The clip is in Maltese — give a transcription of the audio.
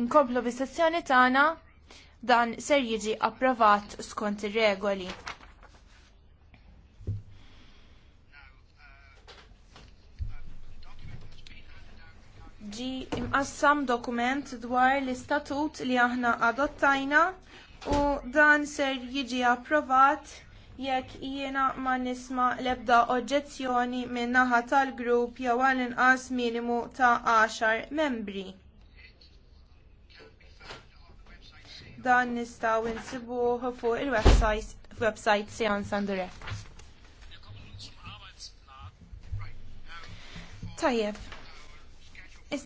inkomplu bis-sessjoni tagħna dan ser jiġi approvat skont ir-regoli. Ġi imqassam dokument dwar l-istatut li aħna adottajna u dan ser jiġi approvat jekk jiena ma nisma l-ebda oġġezzjoni min-naħa tal-grupp jew għal inqas minimu ta' għaxar membri. dan nistaw insibuh fuq il-website website Seance and Tajjeb.